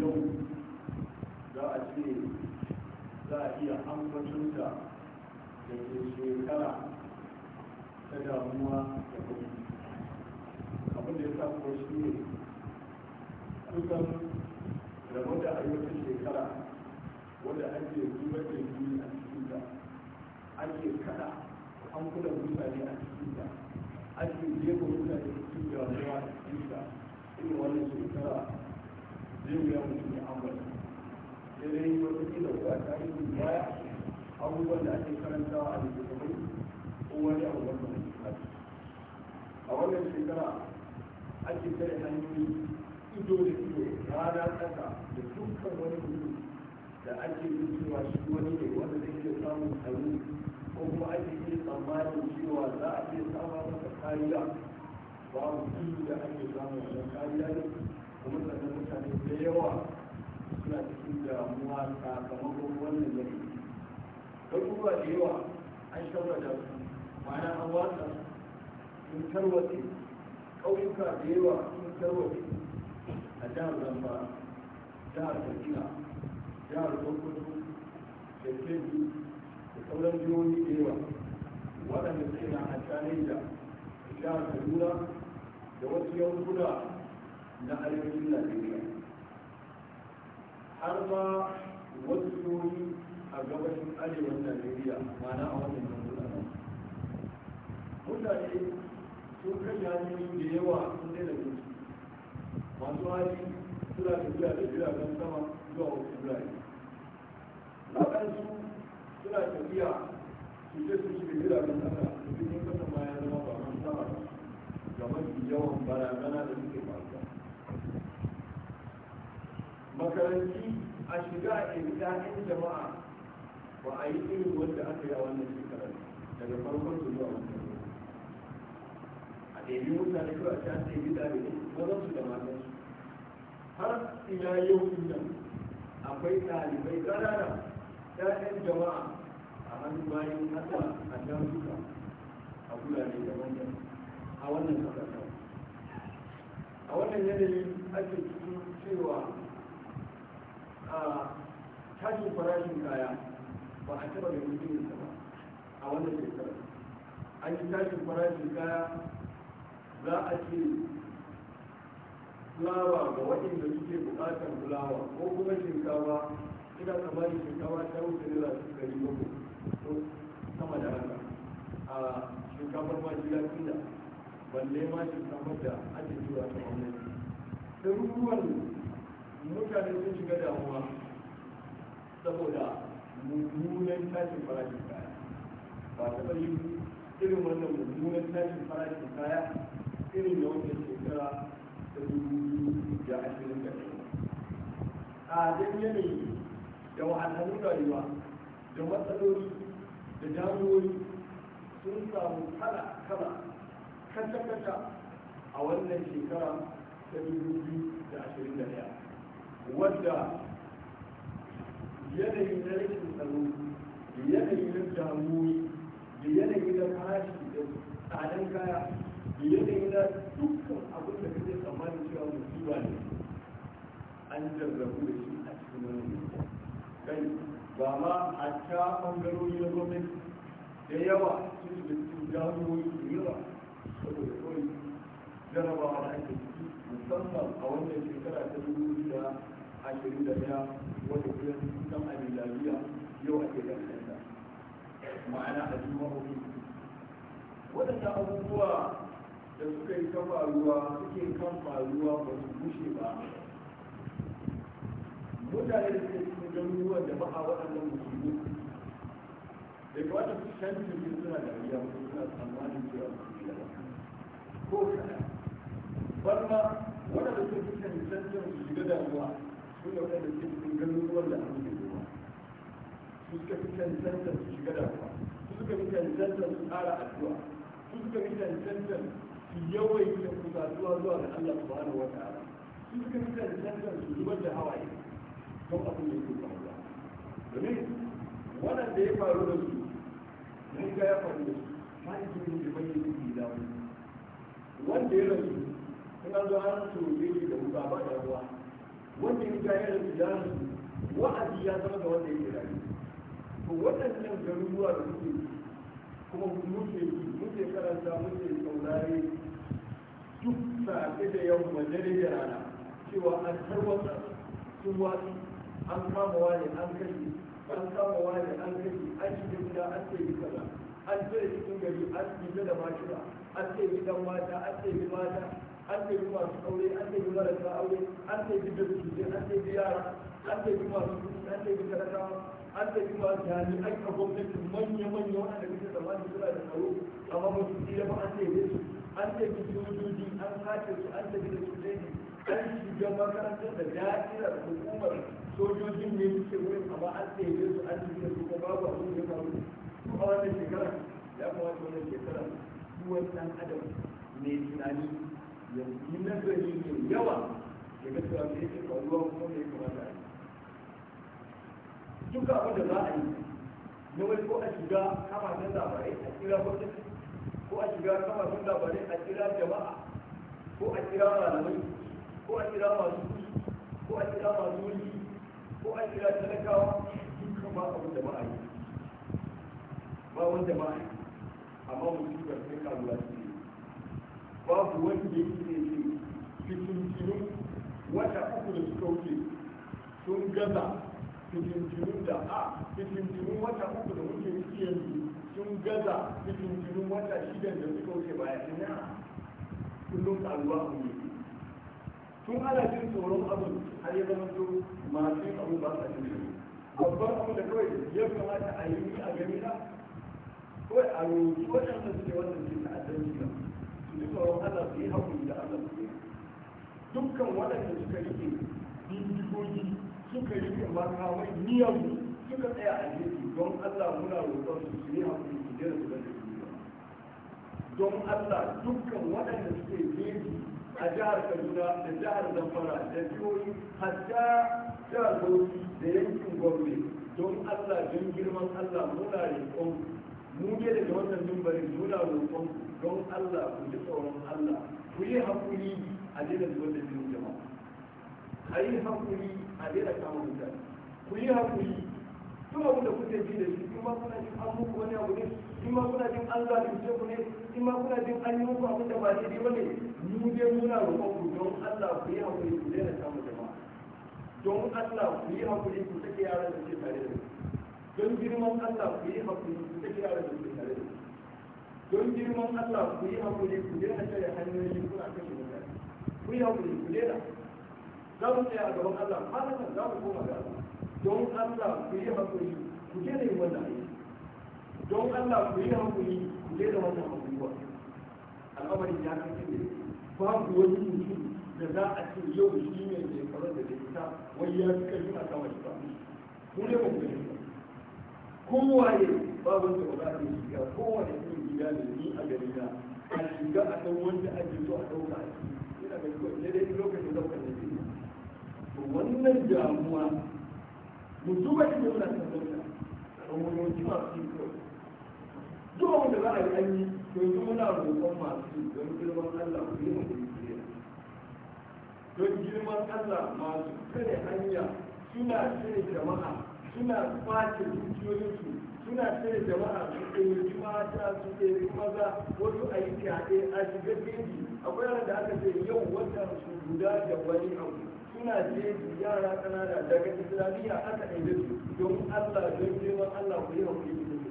yau za a ce za a iya ambatunta da ke shekara ta damuwa da kuma abin da ya sa kuwa shi ne kusan rabon da ayyukan shekara wadda ake zuba da yi a cikin da ake kada an kula mutane a cikin da ake jefa mutane cikin damuwa a cikin da irin wannan shekara zai wuya mutum ya ambata sai dai wata kila ko a tarihin baya abubuwan da ake karantawa a littattafai ko wani abu wanda mai tsari a wannan shekara ake tare hanyoyi ido da ido rana ƙasa da dukkan wani mutum da ake yi cewa shi wani ne wanda zai iya samun tsaro ko kuma ake iya tsammanin cewa za a iya samun masa kariya babu ido da ake samun wannan kariya ne kuma sannan mutane da yawa suna cikin damuwa sakamakon wannan yanayi abubuwa da yawa an shaurata su ma'ana an wasa sun tarwace ƙauyuka da yawa sun tarwace a jihar zamfara jihar katsina jihar sokoto da kebbi da sauran jihohi da yawa waɗanda suke na a da jihar kaduna da wasu yankuna na arewacin najeriya har ma wasu yoyi a gabashin arewacin najeriya mana a wannan yankuna nan mutane sun kashe hanyoyi da yawa sun daina gudu masu hali suna tafiya da jiragen sama zuwa wasu birane waɗansu suna tafiya su ce su shiga jiragen sama su fi yin kasa bayan ya zama ba man sama da mafi yawan barazana da suke faruwa makaranci a shiga a ɗin jama'a ba a yi irin wanda aka yi a wannan shekarar daga farkon su zuwa wannan a ɗebi mutane kawai a ta ɗebi ba za su da matan su har ina yau inda akwai ɗalibai ƙanana ɗayan jama'a a hannun bayan haɗa a suka a gurare daban-daban a wannan kasar a wannan yanayi ake cikin cewa a tashin farashin kaya ba a taɓa mai mutumin ba a wannan shekarar an yi tashin farashin kaya za a ce fulawa ga waɗanda suke buƙatar fulawa ko kuma shinkawa ina kamar shinkawa ta wuce su ɗari bakwai to sama da haka a shinkafar ma jira da balle ma shinkafar da ake zuwa ta wannan ɗaruruwan mutane sun shiga damuwa saboda mummunan tashin farashin kaya ba ta bari irin wannan mummunan tashin farashin kaya irin da wannan shekara ta dubu da ashirin da ɗaya a dan yanayi da wahalhalun rayuwa da matsaloli da damuwoyi sun samu kala kala kata kata a wannan shekara ta dubu biyu da ashirin da ɗaya wadda yanayi na rikin tsaro da yanayi na damuwi da yanayi na kashi da tsadan kaya da yanayi na dukkan abin da kake tsammanin cewa musiba ne an jarrabu da shi a cikin wani kai ba ma a ta ɓangarori na gwamnati da yawa sun da cikin jami'o'i da yawa saboda kawai jarabawa da ake ciki musamman a wannan shekara ta dubu da ashirin da daya wata kudin san abin lafiya yau ake kanta, ma'ana a jima'o'i waɗanda abubuwa da suka yi kan faruwa suke kan faruwa ba su bushe ba mutane da suke cikin garuruwan da ba a waɗannan musulmi da ga wata shan jirgin suna dariya ko suna tsammanin cewa su da ko kana barma waɗanda suke cikin canjin su shiga damuwa su ne da suke cikin garuruwan da abin da ruwa su suka fi cancanta su shiga da ruwa su suka fi cancanta su tsara addu'a su suka fi cancanta su yawaita kusa zuwa ga Allah bani wata ta'ala su suka fi cancanta su zubar da hawaye don abin da yake faruwa domin wannan da ya faru da su na ga ya faru da su ma yake yin da bayyana su dawo. wanda ya rasu suna an zo an so yake da ruwa ba da ruwa wanda ya ga yaran da wa'azi ya zama da wanda yake rayu to waɗannan garuruwa da muke kuma muke muke karanta muke saurare duk sa'ade da yamma dare da rana cewa an tarwata sun wasu an kama wani an kashe an kama wani an kashe an shiga gida an ce yi kaza an ce cikin gari an fita da ba an ce dan mata an ce mata an tafi masu aure an tafi marasa aure an tafi da suje an tafi yara an tafi masu kudi an tafi talakawa an tafi masu jami'ai a gwamnati manya-manya wanda kake tsammani suna da tsaro amma ba su tsira ba an tafi su an tafi sojoji an sace su an tafi da suje ne an shiga makarantar da da'irar hukumar sojojin ne suke wurin amma an tafi su an tafi da su ko babu abin da ya faru a wannan shekara ya kamata wannan shekara duk adam mai tunani ya yi nazari mai yawa ya ga cewa me yake faruwa kuma me ya kamata a yi duka abin da za a yi na wani ko a shiga kafafen labarai a kira gwamnati ko a shiga kafafen labarai a kira jama'a ko a kira malamai ko a kira masu kuɗi ko a kira masu wuri ko a kira talakawa duka ba abin da ba a yi ba wanda ba a yi amma mutum da sai karuwa ne babu wanda yake ce fitintinu wata uku da suka wuce sun gaza fitintinu da a fitintinu wata uku da wuce ciki yanzu sun gaza fitintinu wata shida da suka wuce baya ina kullum karuwa a ne tun ana jin tsoron abin har ya zama to masu yin abu ba sa jin babban abu da kawai ya kamata a yi a gani na kawai a roƙi da suke wannan ke ta'addanci na su Allah su yi haƙuri da Allah su yi dukkan waɗanda suka rike bindigogi suka rike makamai miyagu suka tsaya a jirgi don Allah muna roƙon su su yi haƙuri su daina su da duniya don Allah dukkan waɗanda suke gefe a jihar Kaduna da jihar Zamfara da jihohi hatta jihar Bauchi da yankin Gombe don Allah don girman Allah muna roƙon mu ne daga wannan mimbarin muna roƙon don Allah ku ji tsoron Allah ku yi haƙuri a daina da da jinin jama'a a yi haƙuri a daina kama mutane ku yi haƙuri duk abu da kuke ji da shi kuma kuna jin an muku wani abu ne in ma kuna jin an zalunce ku ne in ma kuna jin an yi muku abin da ba daidai ba ne mu dai muna roƙon ku don Allah ku yi haƙuri ku daina kama jama'a don Allah ku yi haƙuri ku sake yaran da ke tare da ku don girman Allah ku yi hakuri ku ta kira da su tare da don girman Allah ku yi hakuri ku daina tare hanyoyi kuna kashe mutane ku yi hakuri ku daina za mu tsaya a gaban Allah kwanan za mu koma ga don Allah ku yi hakuri ku daina yin wannan aiki don Allah ku yi hakuri ku daina wannan abubuwa al'amarin ya kasance ne babu wani mutum da za a ce yau shi ne mai kwarar da ta wani ya fi karfi a sama shi ba mu ne ba mu gani ba kowaye babin da ba ne shiga kowane irin gida da ni a gari na a shiga a san wanda ake so a ɗauka a ciki yana da kawai ne dai lokacin ɗaukar da ke to wannan damuwa mu ne ido na tabbata a wani wani wajen masu yi kawai duk wanda za a yi an yi to yanzu muna roƙon masu don girman Allah ku yi mu kuyi don girman Allah masu kare hanya suna cire jama'a suna fatin dukiyoyinsu suna sai jama'a su su mata su ɗauki maza wasu a yi fyaɗe a shiga jeji akwai yaran da aka ce yau wata su guda da wani abu suna jeji yara kanada daga islamiyya aka ɗaya su don allah don girman allah ku yi haƙuri ku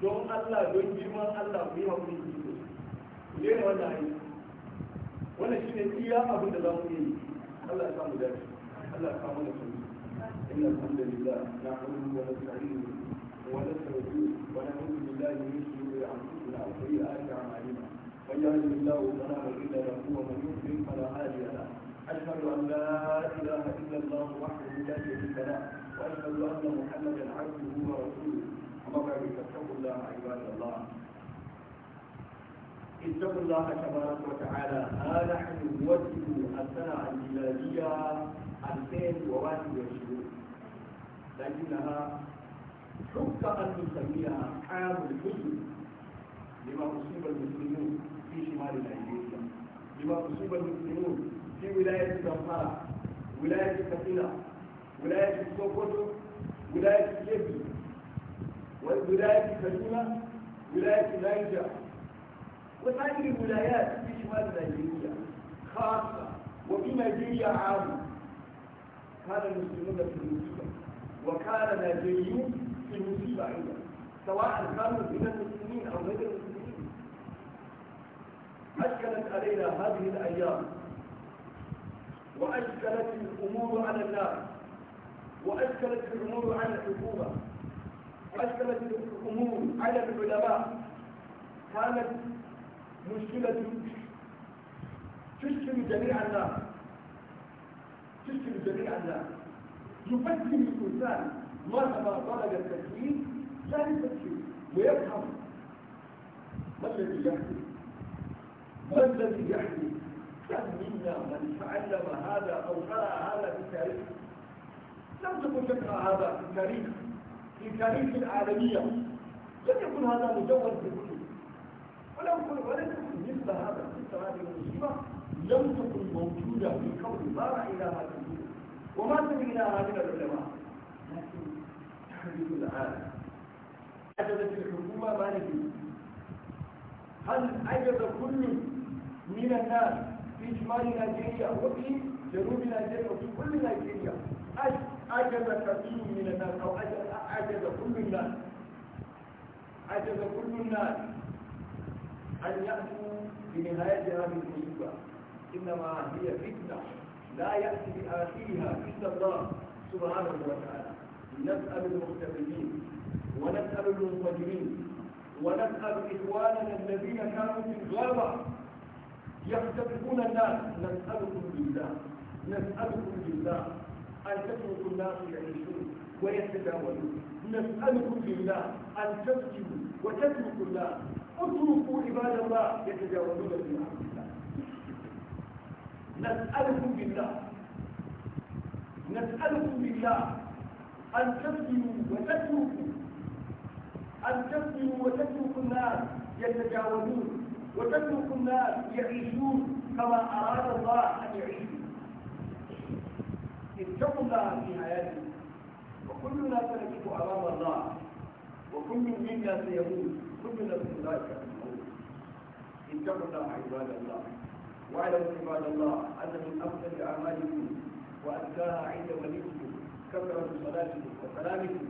yi don allah don girman allah ku yi haƙuri ku yi ku daina wannan aiki wannan ne iya abin da za mu yi allah ya samu dace allah ya samu da sunna الحمد لله نحمده ونستعينه ونستغفره ونعوذ بالله من شرور أنفسنا وسيئات أعمالنا من يهده الله فلا مضل له ومن يضلل فلا هادي له أشهد أن لا إله إلا الله وحده لا شريك له وأشهد أن محمدا عبده ورسوله أما بعد فاتقوا الله عباد الله اتقوا الله تبارك وتعالى هذا آه، حين نوجه السنة الميلادية 2021 لكنها حق أن نسميها عام الحزن لما أصيب المسلمون في شمال نيجيريا لما أصيب المسلمون في ولاية zamfara ولاية katsina ولاية سوكوتو ولاية كيبي ولاية kaduna ولاية niger وهذه الولايات في شمال نيجيريا خاصة وفي نيجيريا عامة كان المسلمون في المسلمين وكان ناجي في المصيبة عنده سواء كانوا من المسلمين أو غير المسلمين أشكلت علينا هذه الأيام وأشكلت الأمور على الناس وأشكلت الأمور على الحكومة وأشكلت الأمور على العلماء كانت مشكلة تشكل جميع الناس تشكل جميع الناس يفكر الإنسان مهما طلب التفكير لا يفكر ويفهم ما الذي يحدث ما الذي يحدث كم منا من تعلم هذا أو قرأ هذا في التاريخ لم تكن تقرأ هذا في التاريخ في تاريخ العالمية لم يكن هذا مجرد بكل ولم يكن ولم يكن مثل هذا مثل هذه المصيبة لم تكن موجودة في كون ما إلى هذا الوجود وما إلى من العلماء لكن تحدث العالم عجبت الحكومة ما نجي هل عجب كل من الناس في شمال نيجيريا وفي جنوب نيجيريا وفي كل نيجيريا عجب كثير من الناس أو عجب كل الناس عجب كل الناس أن يأتوا بنهاية هذه المصيبة إنما هي فتنة لا يأتي بآخرها إلا الله سبحانه وتعالى نسأل المختبئين ونسأل المنفجرين ونسأل إخواننا الذين كانوا في الغابة يختلفون الناس نسألكم بالله نسألكم بالله أن تتركوا الناس يعيشون ويتداولون نسألكم بالله أن تسجدوا وتتركوا الناس اتركوا عباد الله يتجاوزون في أمر الله نسألكم بالله نسألكم بالله أن تسلموا وتتركوا أن تسلموا وتتركوا الناس يتجاوزون وتتركوا الناس يعيشون كما أراد الله أن يعيشوا اتقوا الله في حياتكم وكلنا سنكف أمام الله وكل منا سيموت كلنا نفس ذلك الموت اتقوا الله عباد الله واعلموا عباد الله أن من أفضل أعمالكم وأزكاها عند وليكم كثرة صلاتكم وسلامكم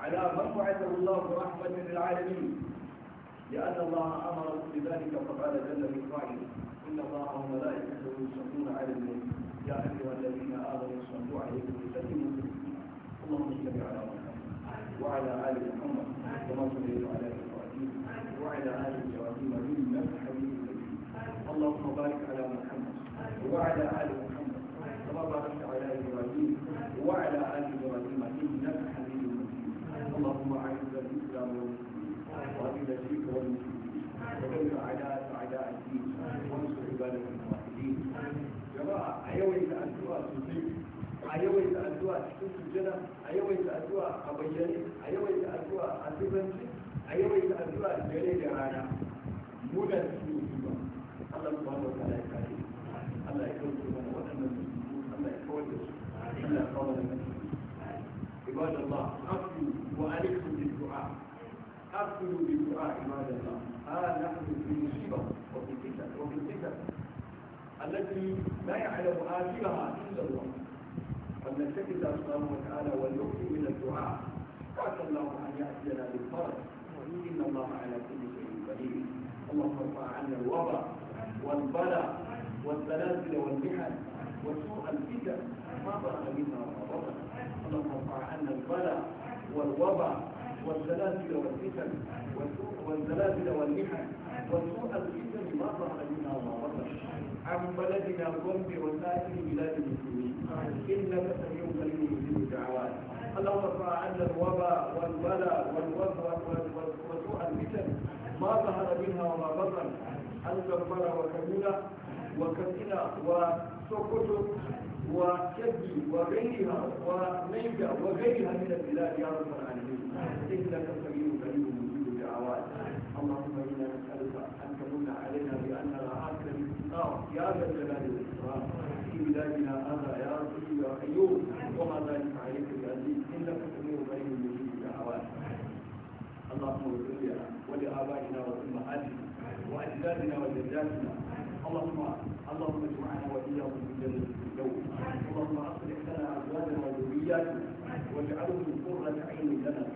على من بعثه الله رحمة للعالمين لأن الله امركم بذلك فقال جل من قائل إن الله وملائكته يصلون على النبي يا أيها الذين آمنوا صلوا عليه وسلموا اللهم صل على محمد وعلى آل محمد كما صليت على إبراهيم وعلى آل إبراهيم إنك حميد النبي اللهم وعلى آل محمد كما باركت على إبراهيم وعلى آل إبراهيم إنك حميد مجيد اللهم أعز الإسلام والمسلمين وأذل الشرك والمشركين ودمر أعداء أعداء الدين وانصر عبادك الموحدين جماعة أيوة الدعاء تزيد a yawaita addu'a cikin sujjada a yawaita addu'a a bayyane a yawaita addu'a a sirrance a yawaita addu'a dare da rana mudan su ba Allah subhanahu wa ta'ala ya kare Allah ya kauce mana waɗannan Allah ya kawar da عباد الله أفضلوا وألقوا بالدعاء أفضلوا بالدعاء عباد الله ها نحن في مصيبة وفي فتن وفي فتن التي لا يعلم آخرها إلا الله فلنتكل سبحانه وتعالى ولنؤمن من الدعاء عسى الله أن يأتينا بالفرج إن الله على كل شيء قدير اللهم ارفع عنا الوباء والبلاء والزلازل والمحن وسوء الفتن ما بلغ منا ربنا اللهم ارفع عنا البلاء والوباء والزلازل والفتن والزلازل والمحن وسوء الفتن ما ظهر منا وما بطن عن بلدنا قم وسائر بلاد المسلمين انك سميع قريب مجيب الدعوات اللهم ارفع عنا الوباء والبلاء وسوء الفتن ما ظهر منها وما بطن أنت كبر وكبيره وكفنا وسقط وكبي وغيرها وميدة وغيرها من البلاد يا رب العالمين إنك سميع قريب مجيب الدعوات اللهم إنا نسألك أن تمن علينا بأن رعاك الاستقرار يا ذا الجلال والإكرام في بلادنا هذا يا رسول يا قيوم وما ذلك عليك بعزيز إنك سميع قريب مجيب الدعوات اللهم اغفر لنا ولآبائنا وأمهاتنا وأجدادنا وجداتنا اللهم اللهم اجمعنا واياهم في جنه الفردوس اللهم اصلح لنا ازواجنا وذرياتنا واجعلهم قره عين لنا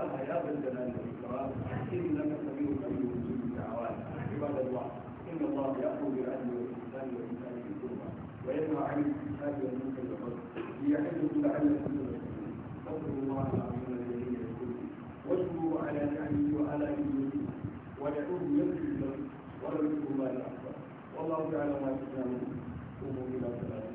الله يا ذا الجلال والإكرام إنك سميع من مجيب الدعوات عباد الله إن الله يأمر بالعدل والإحسان وإيتاء ذي القربى وينهى عن الفساد والمنكر والبغي ليعظكم لعلكم تذكرون فاذكروا الله العظيم الذي يذكركم واشكروا على نعمه وعلى نعمته ودعوه يغفر لكم ولذكر الله الأكبر والله تعالى ما تفعلون قوموا إلى صلاتكم